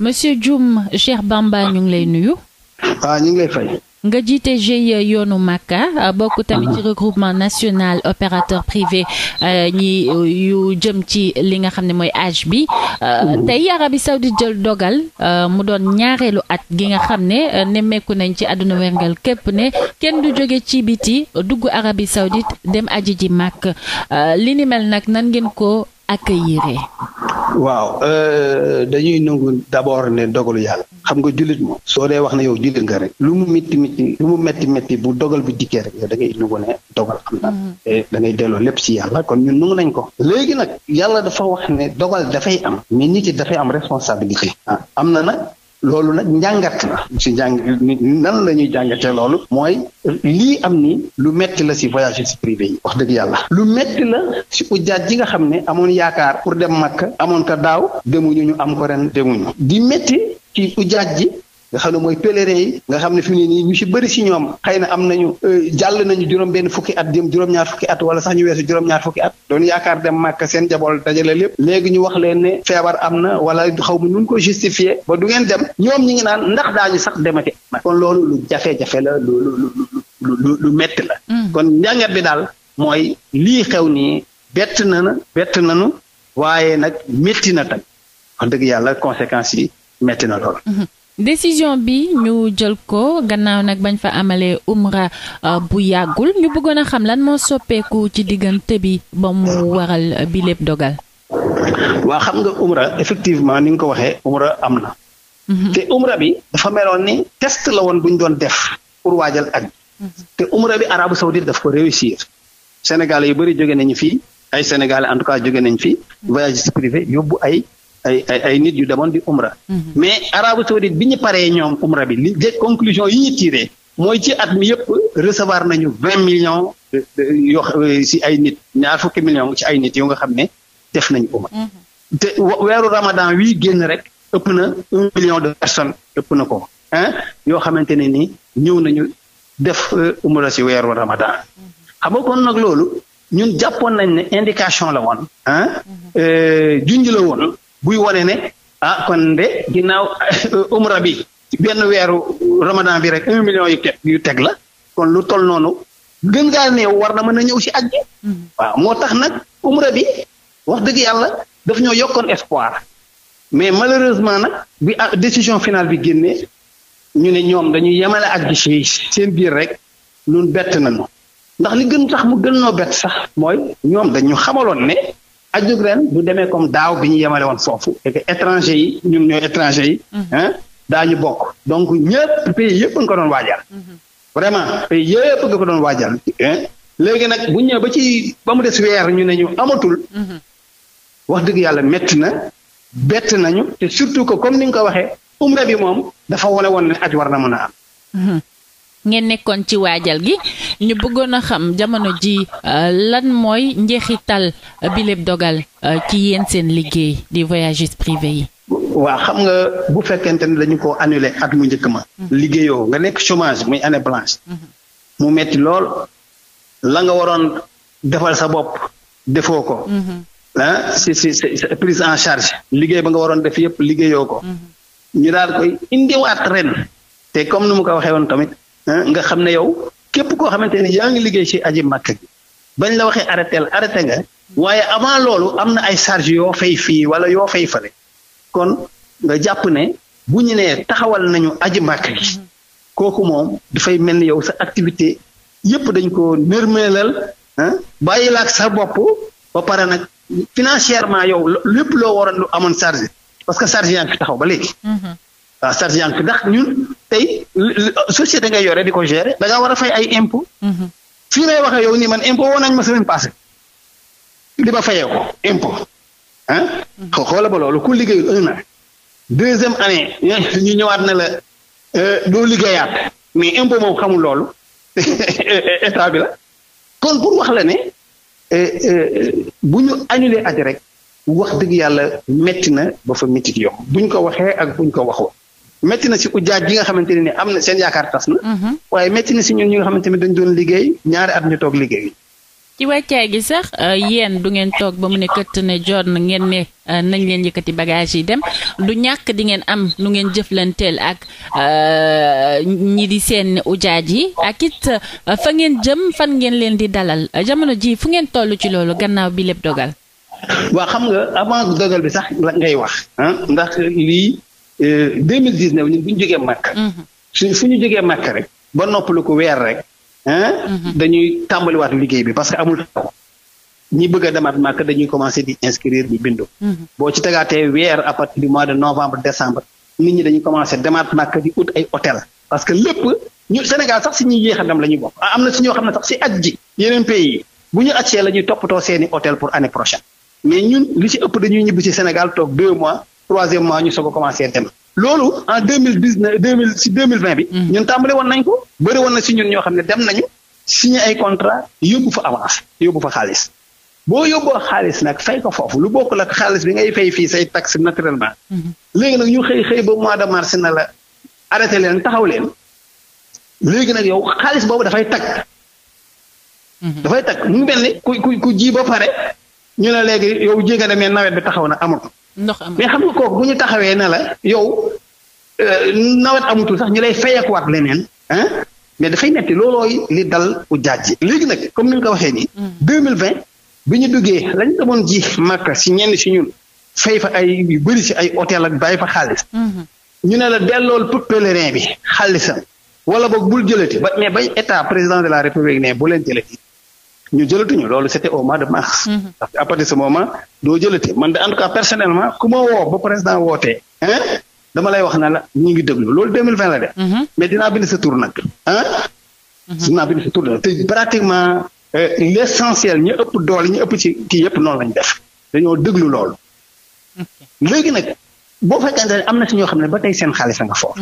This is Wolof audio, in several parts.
monsieur Dioum Cheikh Bamba ah. ñu ngi lay nuyu. ah ñu ngi fay. nga jiite GIE yoonu Makka ah, bokk tamit ci ah. regroupement national opérateur privé euh, ñi yu jëm ci li nga xam ne mooy âge bi euh, tey Arabie Saoudite jël dogal euh, mu doon ñaareelu at gi nga xam ne nemmeeku nañ ci àdduna wérngal képp ne kenn du jóge ci biti dugg Arabie Saoudite dem aji ji Makka li ni nag nan ngeen ko accueillir. waaw euh, dañuy nangu d'abord ne dogalu yàlla. xam nga jullit moom. soo dee wax na yow jullit nga rek. lu mu métti métti lu mu métti métti bu dogal bu dikkee rek yow da ngay nangu ne dogal am na. te mm-hmm. eh, delloo lépp si yàlla kon ñun nangu nañ ko. léegi nag yàlla dafa wax ne dogal dafay am. mi nit yi dafay am responsabilité. ah am na na loolu nag njàngat la si njàng nan la ñuy jàngatee loolu mooy lii am ni lu metti la si voyage si privé yi wax dëgg yàlla lu metti la si u ujjaat ji nga xam ne amoon yaakaar pour dem Makka amoon ko daaw demuñu ñu am ko ren demuñu di metti ci ujjaat ji nga xam ne mooy pèlerin yi nga xam ne fi mu ne nii ñu ci bëri ci ñoom xëy na am nañu euh, jàll nañu juróom benn fukki at jëm juróom-ñaar fukki at wala sax ñu weesu juróom-ñaar fukki at doon yaakaar dem màkk seen jabool dajale lépp léegi ñu wax leen ne feebar am na wala xaw ma nun ko justifié ba du ngeen dem ñoom ñi ngi naan ndax daañu sax demati kon loolu lu jafe-jafe la lu lu lu lu metti la mm. kon njàngat bi daal mooy lii xew nii bett na na bett nanu waaye nag métti na tam wax dëgg yàlla conséquences yi métti na lool mm-hmm. décision bi ñu jël ko gannaaw nag bañ fa amalee umra euh, bu yàggul ñu bëggoon a xam lan moo soppeeku ci diggante bi ba mu waral euh, bi lépp dogal. waa xam nga umra effectivement ni nga ko waxee umra am na. Mhm. te umra bi dafa meloon ni test la woon bu doon def pour waajal ak. Mhm. te umra bi arabu saoudite daf ko réussir. Sénégalais yu bëri jóge nañu fii ay sénégalais en tout cas jóge nañu fi mhm. voyage privé yóbbu ay. ay ay ay nit yu demoon di umra. Mhm. mais Arabie Saoudite bi ñu paree ñoom umra bi li conclusion yi ñu tiré mooy ci at mi yëpp recevoir nañu vingt millions yoo euh, si ay nit ñaar fukki millions ci ay nit yu nga xam ne def nañu umra. Mhm. te weeru Ramadan wii génn rek ëpp na un million de personnes ëpp na ko ah yoo xamante ne ni ñëw nañu def euh, umra si weeru Ramadan mhm. xam nga kon nag loolu ñun jàppoon nañ ne indication la woon. ah junj la woon. buy wane ne ah kon de ginnaaw euh, umra bi benn weeru ramadan bi rek un million yu teg yu teg la kon lu toll noonu gën gaa néew war na mën a ñëw si aj bi mm-hmm. waaw moo tax nag umra bi wax dëgg yàlla daf ñoo yokkoon espoir mais malheureusement nag bi décision finale bi génnee ñu ne ñoom dañuy yemale ak gi seen biir rek ñun bett nañu ndax li gën tax mu gën noo bett sax mooy ñoom dañu xamaloon ne ajug ren du demee comme daaw bi ñu yemale woon foofu et étranger yi ñun ñooy étranger yi ah daañu bokk donc ñëpp pays yëpp nga ko doon waajal mhm. vraiment pays ko doon waajal léegi nag bu ñëw ba ci ba mu des weer ñu ne ñu amatul mhm. wax dëgg yàlla métti na bett nañu te surtout que comme ni nga ko waxee umra bi moom dafa wane woon ne aj war na mën a am ngeen nekkoon ci waajal gi ñu bëggoon a xam jamono ji euh, lan mooy njeexital euh, bi lépp dogal euh, ci yéen seen liggéey di voyagistes privés yi. waaw xam nga bu fekkente ne dañu ko annulé at mu njëkk ma. Mm-hmm. liggéeyoo nga nekk chômage muy année blanche. Mm-hmm. mu metti lool la nga waroon defal sa bopp defoo ko. ah si si prise en charge liggéey ba nga waroon def yëpp liggéeyoo ko. ñu daal koy indiwaat ren. te comme nu mu ko waxee woon tamit nga xam ne yow képp koo xamante ne yaa ngi liggéey si aji màkk gi bañ la waxee arrêté arrêté nga waaye avant loolu am na ay charge yoo fay fii wala yoo fay fale kon nga jàpp ne bu ñu nee taxawal nañu aji màkk gi mm-hmm. kooku moom dafay mel ni yow sa activité yépp dañ ko nërmeelal bàyyi la ak sa bopp ba pare nag financièrement yow lépp loo waroon lu amoon charge parce que charge yaa taxaw ba léegi. Mm-hmm. waaw charge ndax ñun tey société nga yore di ko gérer dangaa war a fay ay impôt mhm. fii lay waxee yow nii man impôt woo nañ ma semaine passée li ma fayee ko impôt ah mhm. xoola ba loolu ku liggéeyul un an deuxième année ñu ñëwaat na la euh, doo liggéeyaat mais impôt moom xamul loolu état la kon pour wax la ne euh, euh, bu ñu annulé at rek wax dëgg yàlla métti na ba fa métti yook buñ ko waxee ak buñ ko waxoon metti na si ujaaj gi nga xamante ne ni am na seen yaakaar tas na. Mhm. waaye métti na si ñun ñi nga xamante ne dañ doon liggéey ñaari at ñu toog liggéey. ci wàccaay gi sax euh, yéen du ngeen toog ba mu ne këtt ne jot na ngeen ne euh, nañ leen yëkkati bagage yi dem du ñàkk di ngeen am nu ngeen jëf jëflanteel ak euh, ñi di seen ujaaj yi ak it fa ngeen jëm fan ngeen leen di dalal jamono ji fu ngeen toll ci loolu gannaaw bi lépp dogal. waa xam nga avant dogal bi sax ngay wax. Ah, Euh, deux mille dix neuf ñun bu ñu jógee màkk. Mhm. su fu ñu jógee màkk rek ba noppalu ko weer rek. Mhm. dañuy tàmbaliwaat liggéey bi parce que amul ñi bëgg a demaat màkk dañuy commencé di inscrire di bindu. Mhm. boo ci tegaatee weer à partir mois de novembre décembre nit ñi dañuy commencé demaat màkk di ut ay hôtel parce que lépp ñu Sénégal sax si ñuy yéex a dem la a bokk ah, am na si ñoo xam ne sax si at ji yeneen pays yi bu ñu accee la ñuy toppatoo seeni hôtel pour année troisième mois ñu soog a commencé dem. loolu en deux mille dix neuf deux mille vingt bi. Mm. ñun tàmbale woon nañ ko. bëri woon na si ñun ñoo xam ne dem nañu signé ay contrat yóbbu fa avance yóbbu fa xaalis boo yóbboo xaalis nag fay ko foofu lu bokk la xaalis bi ngay fay fii say taxe naturellement. Mm-hmm. léegi nag ñu xëy xëy ba mois de mars na la arrêté leen taxaw leen léegi nag yow xaalis boobu dafay tag. Mm-hmm. dafay tag mu mel ku ku ku ji ba pare ñu ne léegi yow jéeg a demee nawet bi taxaw na amul. ndox am mais xam nga kook bu ñu taxawee ne la yow euh, nawet amatul sax ñu lay fayakuwaat leneen ah mais dafay metti loolooy li dal u jaaj léegi nag comme ni nga ko waxee nii. 2020 hmm. bi ñu duggee lañ demoon ji màkk si ñenn si ñun fay fa ay bëri si ay hôtel ak bàyyi fa xaalis. Hmm. ñu ne la dellool pèlerin bi xaalisam wala boog bul jëlati ba mais bay état président de la république ne bu leen jëlati ñu jëlatuñu loolu c'était au mois de mars. Mm-hmm. parce que à partir de ce moment doo jëlati man de en tout cas personnellement ku ma woo ba président wootee. dama lay wax na la ñu ngi déglu loolu 2020 la de. Mm-hmm. mais dinaa bind sa tur nag. Mm-hmm. dinaa bind sa tur nag te pratiquement euh, l'essentiel ñu ëpp doole ñu ëpp ci kii yëpp noonu lañ def dañoo déglu loolu. léegi nag boo fekkante ne am na si ñoo xam ne ba tey seen xaalis a nga fort.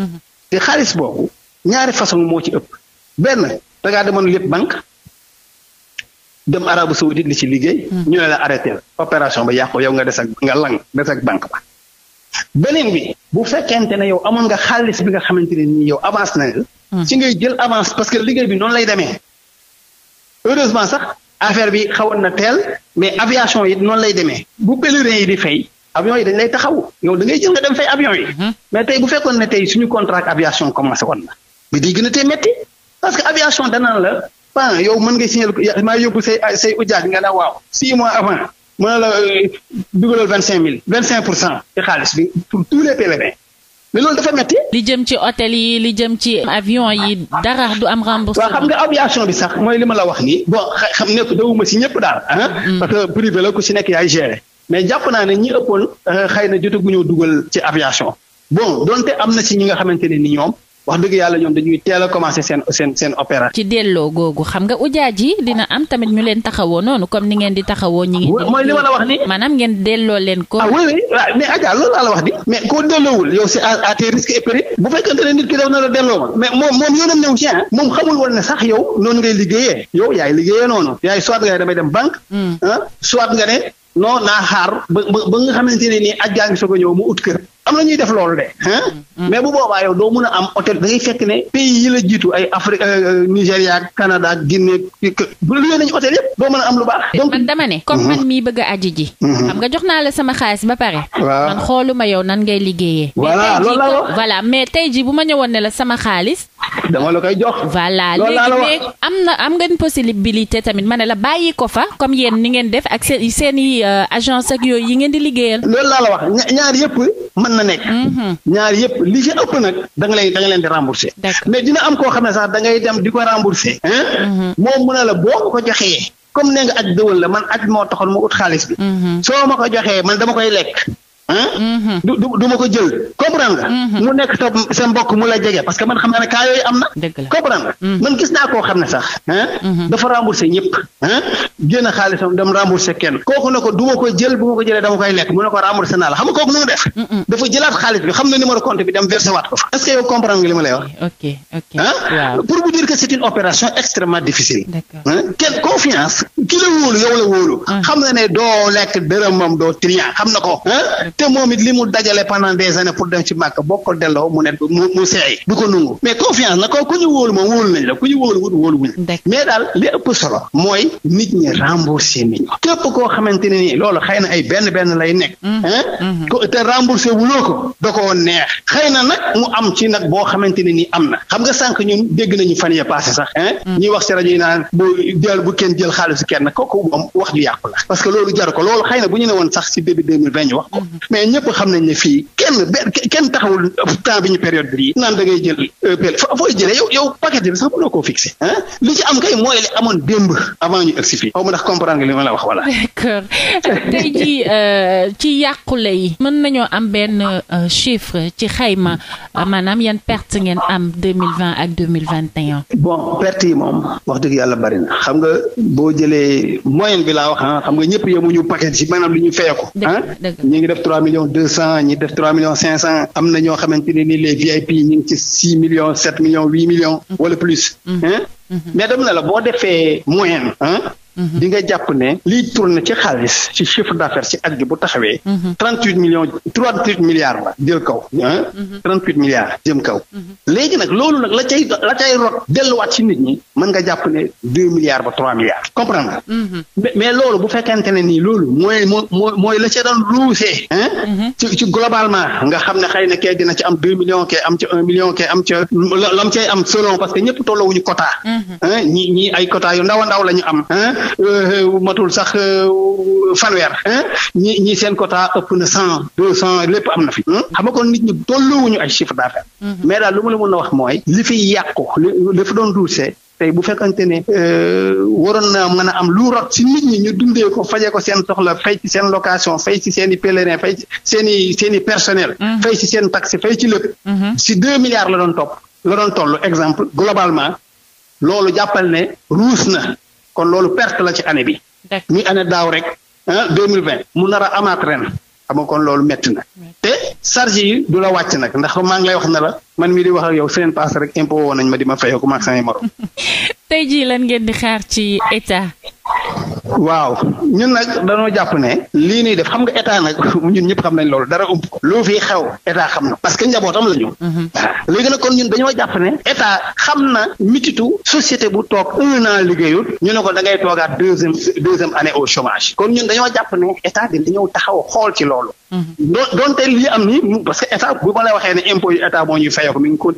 te xaalis boobu ñaari façon moo dem Arabie Saoudite li ci liggéey. Hmm. ñu ne la arrêté ba yàqu yow nga des ak nga ba. beneen bi bu fekkente ne yow amoon nga xaalis bi nga xamante ne nii yow avance na la. Hmm. ci ngay jël avance parce que liggéey bi noonu lay demee. heureusement sax affaire bi xawoon na teel mais aviation yi noonu lay demee bu pèlerins yi di fay. avion yi dañ lay taxaw yow da ngay jël nga dem fay avion yi. Hmm. mais tey bu fekkoon ne tey suñu contrat aviation commencé woon parent yow mën nga signal maa yóbbu say say ujaaj nga ne waaw six mois avant mën la euh, dugalal vingt cinq mille vingt cinq pour cent ci xaalis bi pour tous les pèlerins mais loolu dafa metti li jëm ci hôtel yi li jëm ci avion yi dara du am remboursement. waaw xam nga aviation bi sax mooy li ma la wax nii bon xam nekk dawuma si ñëpp daal. Ah. Mm. parce que privé la ku si nekk yaay géré. mais jàpp naa ne ñi ëppoon euh, xëy na jotaguñoo dugal ci aviation. bon donte am na si ñi nga xamante ne ni ñoom wax dëgg yàlla ñoom dañuy teel a commencé seen seen seen opération. ci delloo googu xam nga ujaaj yi dina am tamit ñu leen taxawoo noonu comme ni ngeen di taxawoo. ñi ngi mooy li ma la ngeen leen ko. ah oui oui mais di. mais koo delloowul yow c'est à tes risques bu la delloo ma mais moom moom yoonam new ci ah, moom xamul woon ne sax yow noonu ngay liggéeyee yow yaay liggéeyee noonu yaay soit nga ne damay dem banque. Hmm. ah soit nga ne non naa xaar ba ba ba nga xamante ne nii Adja ngi soo a ñëw mu ut kër am na ñuy def loolu de. Hmm. mais bu boobaa yow doo mun a am hôtel da ngay fekk ne pays yi la jiitu ay Afrique euh, euh, Nigéria Canada Guinée liggéey nañu hôtel yëpp doo mën a am lu baax. man dama ne. comme hmm. man mii bëgg a ji. Hmm. xam nga jox naa la sama xaalis ba pare. man xooluma yow nan ngay liggéeye voilà loolu mais tey jii bu ma ñëwoon ne la sama xaalis. dama la koy jox. voilà léegi am na am ngeen possibilité tamit ma ne la bàyyi ko fa comme yéen ni ngeen def ak seen i euh, agence ak yooyu yi ngeen di liggéeyal. loolu laa a nekk. Mhm. ñaar yëpp li ci ëpp nag da nga leen da nga leen di remboursé. mais dina am koo xam ne sax da ngay dem di ko remboursé. Mhm. moom mu ne la boo ko joxee comme ne nga aj dëwal la man aj moo taxoon mu ut xaalis bi. Mhm. soo ma ko joxee man dama koy lekk. ah. du du ma ko jël comprendre nga. Mm-hmm. mu nekk sa sa mbokk mu la jege parce que man xam naa ne cas yooyu am na. dëgg mm-hmm. man gis naa koo xam ne sax. dafa remboursé ñëpp. génn xaalisam dem remboursé kenn kooku ne ko du ko jël bu ko jëlee dama koy lekk mu ne ko remboursé naa la xam nga kooku nu def. dafa jëlaat xaalis bi xam na numéro compte bi dem versé waat ko fa. est est une ki la wóolu yow la wóolu. Mm. xam na ne doo lekk dërëmam doo triant xam na te moom it li mu dajale pendant des pour dem ci màkk boo ko delloo mu ne mu mu seey du ko nungu mais confiance mooy nit ñi remboursé nañu képp koo xamante ne nii loolu xëy na ay benn benn lay nekk ah te remboursé wuloo ko da koo neex xëy na nag mu am ci nag boo xamante ne nii am na xam nga sànq ñun dégg nañu fan yee passé sax mm. ñuy wax ci rajo yi naan bu jël bu kenn jël xaalisu kenn kooku moom wax ju yàqu la parce que loolu jaru ko loolu xëy bu ñu ne woon sax ci début deux vingt ñu wax ko mm-hmm. mais ñëpp xam nañ ne fii kenn benn kenn taxawul temps bi ñu période bi naan da ngay jël euh, pl fooy jëlee yow paquet bi sax mënoo koo fixé ah li ci am kay mooy li amoon démb avant ñu agsi fii xaw ma ndax comprendre nga li la wax euh, ci yàqule mën nañoo am benn euh, chiffre ci xayma maanaam yan perte ngeen am deux mille vingt ak deux mille vingt et un. bon perte yi moom wax dëgg yàlla bari na xam nga boo jëlee moyenne bi laa wax ah xam nga ñëpp yemuñu paquet yi maanaam li ñu fayako ah ñu ngi def 3 millions 200 ñi def 3 millions 500 am na ñoo xamante ni les VIP ñu ci 6 millions 7 millions 8 millions. wala plus. Mm-hmm. Mm-hmm. mais dama ne la boo defee moyen ah. di nga jàpp ne liy tourné ci xaalis ci chiffre d'affaires ci at gi bu taxawee. 38 mhm. millions 38 milliards la jël kaw. 38 mhm. milliards jëm kaw. Mhm. léegi nag loolu nag la cay la cay rot delluwaat ci nit ñi mën nga jàpp ne 2 milliards ba 3 milliards comprendre mais loolu bu fekkente nii loolu mooy mooy la ca doon ruusee. ci ci globalement nga xam ne xëy na dina ci am 2 millions kee am ci 1 million kee am ca lam cay am selon parce que a Euh, euh, matul sax euh, fanweer ñi ñi seen quota ëpp na cent deux cent lépp am na fi xam nga kon nit ñi tolluwuñu ay chiffre d'affaires mhm. mais daal lu ma la mën a wax mooy li fi yàqu li fi doon duusee tey bu fekkante ne waroon na mën am lu rot si nit ñi ñu dundee ko fajee ko seen soxla fay ci seen location fay ci seen i pèlerin fay ci seen personnel mhm. fay ci seen taxe fay ci lépp mhm. si deux milliards la doon topp la doon toll exemple globalement loolu jàppal ne ruus na kon loolu perte la ci année bi. ñi année daaw rek mu nar a amaat ren xam kon loolu métti na. te charge yi du la wàcc nag ndax maa ngi lay wax ne la man mi di wax ak yow seen paase rek impôt woon nañ ma di ma fayoo ko maag samay morom. tey jii lan ngeen di xaar ci état. waaw ñun nag dañoo jàpp ne lii nii def xam nga état nag ñun ñëpp xam nañ loolu dara ump ko lu fi xew état xam na parce que njabootam la ñu mhm. léegi nag kon ñun dañoo jàpp ne état xam na mititu société bu toog un an liggéeyut ñu ne ko da ngay toogaat deuxième deuxième année au chômage kon ñun dañoo jàpp ne état di dañoo taxaw xool ci loolu mhm. do doonte lii am ni parce que état bu ma la waxee ne impôt yu état moo ñu fayeeku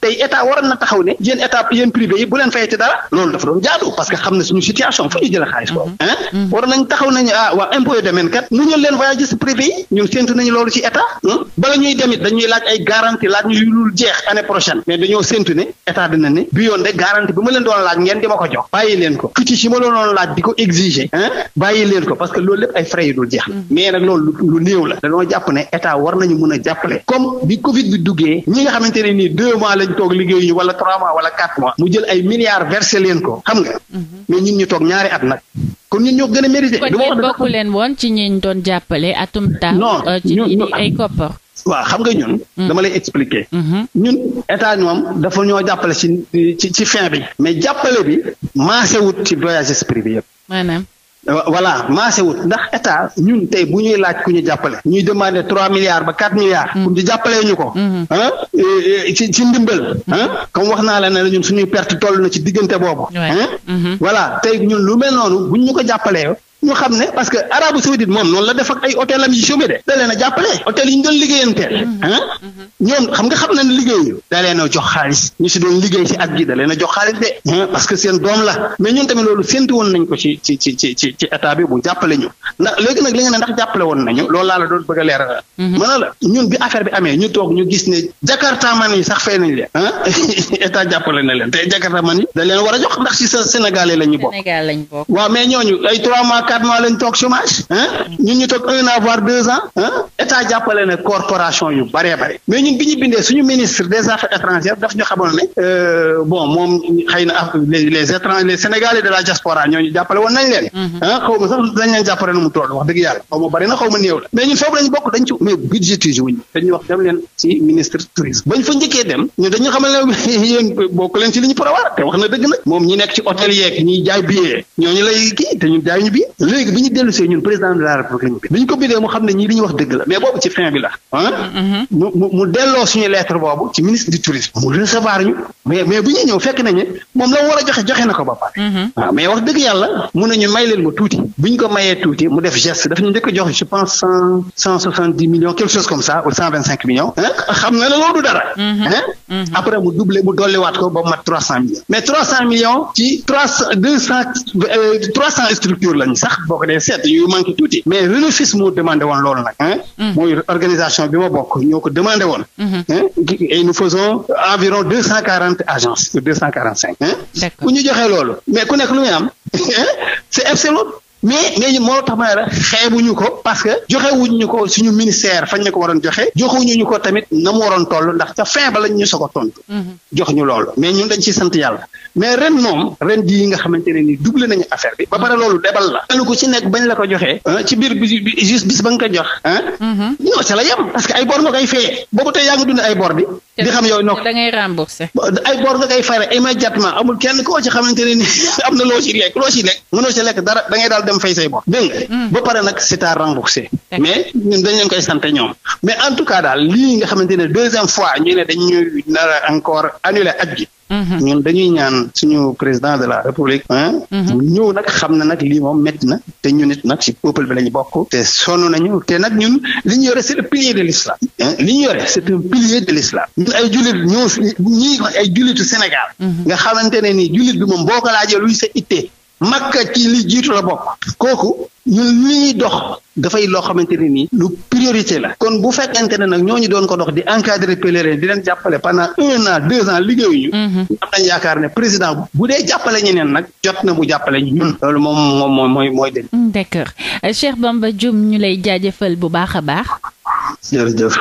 tey état waroon na taxaw ne yéen état yéen privé yi bu leen fayee ci dara loolu dafa doon jaadu parce que xam na suñu situation fu ñu mhm. Mm-hmm. war nañ taxaw nañu ah waa impôt domaine kat mu ñëw leen voyage si privé yi ñun séntu nañu loolu ci état hmm? bala ñuy demit dañuy laaj ay garantie laaj ñu lul jeex année prochaine mais dañoo séntu ne état dina ne bi yoon de garantie bi ma leen doon laaj ngeen di ma ko jox bàyyi leen ko tuuti si ma la doon laaj di ko exiger ah bàyyi leen ko parce que loolu lépp ay frais yu dul jeex mm-hmm. mais nag loolu lu néew la dañoo jàpp ne état war nañu mën a jàppale comme bi covid bi duggee ñi nga xamante ne nii deux mois lañ toog liggéeyuñu wala trois mois wala quatre mois mu jël ay milliards versé leen ko xam nga mm-hmm. mais ñun toog ñaari at nag kon ñun ñoo gën a mérité. du ma wax bokk woon ci ñi doon jàppale atum taal. non euh, ci ay koppar. waaw xam nga ñun. Mm. dama lay expliquer. Mm-hmm. ñun état ñoom dafa ñoo jàppale ci ci ci fin bi. mais jàppale bi maasewut ci voyages bi yëpp. maanaam. voilà maase wut ndax état ñun tey bu ñuy laaj ku ñu jàppale ñuy demander trois milliards ba quatre milliards mm. pour ñu jàppalee ñu ko mm-hmm. ci ci ndimbal ah comme wax naa la ne la ñun suñuy perte toll na ci diggante boobu mm-hmm. voilà tey ñun lu mel noonu bu ñu ko jàppalee ñu xam ne parce que Arabie moom noonu la def ak ay hôtel am yi chômé de da leen a jàppale hôtel yi ñu doon liggéeyanteel ah ñoom xam na a jox xaalis ñu si doon liggéey si at gi da leen a jox xaalis de parce seen doom la mais ñun tamit loolu séntu woon nañ ko ci ci ci bi bu jàppale ñu ndax léegi nag li nga ne ndax jàppale woon nañu loolu laa la doon bëgg a leeral mëna mm-hmm. la ñun bi affaire bi amee ñu toog ñu gis ne Jakarta man yi sax fay nañ leen ah jàppale na leen te Jakarta man yi da leen war a jox si sa Sénégalais la ñu bokk waaw mais ñooñu ay trois quatre mois lañ toog chômage ah ñu toog un an deux ans état jàppale na corporation yu bëree bëri mais ñun bi ñu bindee suñu ministre des affaires étrangères daf ñu xamoon euh, na les étrangers les sénégalais de la diaspora ñooñu jàppale woon nañ leen ah xaw sax dañ leen jàppale na mu toll wax dëgg yàlla xaw ma na xaw ma mais ñun foofu lañ bokk dañ ci mais budgétise wuñ dañuy wax dem leen ci ministre tourisme bañ fa njëkkee dem ñun dañu xamal ne bokk leen ci li ñu prévoir te wax na dëgg nag moom ñi nekk ci hôtel yeeg léegi bi ñu dellu see ñun président de la république lañu bi ñu ko bindee mu xam ne ñii li ñu wax dëgg la mais boobu ci fin bi la ah mu mu delloo suñu lettre boobu ci ministre du tourisme mu recevoir ñu mais bu ñuy ñëw fekk nañu moom la mu war a joxe joxe na ko ba pare mm-hmm. mais wax dëgg yàlla mun nañu may leen ma tuuti bi ko mayee tuuti mu def geste daf ñu njëkk jox je pense cent cent soixante dix millions quelque chose comme ça ou cent vingt cinq millions sax boo ko yu manqué tuuti mais Renofis moo demandé woon loolu nag mm. mooy organisation bi ma bokk ñoo ko demandé woon mm-hmm. et nous faisons environ deux cent quarante agences deux cent quarante cinq bu ñu joxee loolu mais ku nekk lu muy am c'est epsilon mais mais moo tax ma ne la xeebuñu ko parce que joxewuñ ñu ko suñu ministère fañ ne ko waroon joxe joxewuñu ñu ñu ko tamit na mu waroon toll ndax ca fin ba lañ ñu soog a tontu. Mhm. jox ñu loolu mais ñun dañ ciy sant yàlla mais ren moom ren jii nga xamante ne nii doublé nañu affaire bi ba pare loolu debal la. kenn ku ci nekk bañ la ko joxee. ci biir bi juste bis ba nga ko jox. Mhm. non ca la yem parce que ay bor nga koy fayee boobu tey yaa ngi dund ay bor bi di xam yow no da ngay remboursé. ay bor da ngay fay immédiatement amul kenn koo ci xamante ne ni am na loo ci lekk loo ci lekk mënoo ci lekk dara da daal dem fay say bor dégg nga. Mm. ba pare nag c'est rembourser. mais ñun dañ leen koy sant ñoom mais en tout cas daal lii nga xamante ne deuxième fois ñu ne dañ ñuy nar encore annuler at gi Mm-hmm. ñun dañuy ñaan suñu président de la république. Mm-hmm. mu ñëw nag xam na nag lii moom métti na te ñun it nag ci peuple bi la ñu bokk. te sonn nañu te nag ñun li ñu yore c' est le pilier de l' islam. li ñu yore c' est un pilier de l' islam. ñun ay julit ñoo ñii ay jullitu Sénégal. Mm-hmm. nga xamante ne ni jullit bi moom boo ko laajee luy sa ittee. Makka ci li jiitu la bokk kooku ñun li dox dafay loo xamante ne nii lu priorité la kon bu fekkente ne nag ñoo ñooñu doon ko dox di encadrer pèlerin di leen jàppale pendant un an deux ans liggéeyuñu mhm. am nañ yaakaar ne président bu dee jàppale ñeneen nag jot na mu jàppale ñun loolu moom moom moo mooy mooy dégg d'accord Cheikh Bamba Dioum ñu lay jaajëfal bu baax a baax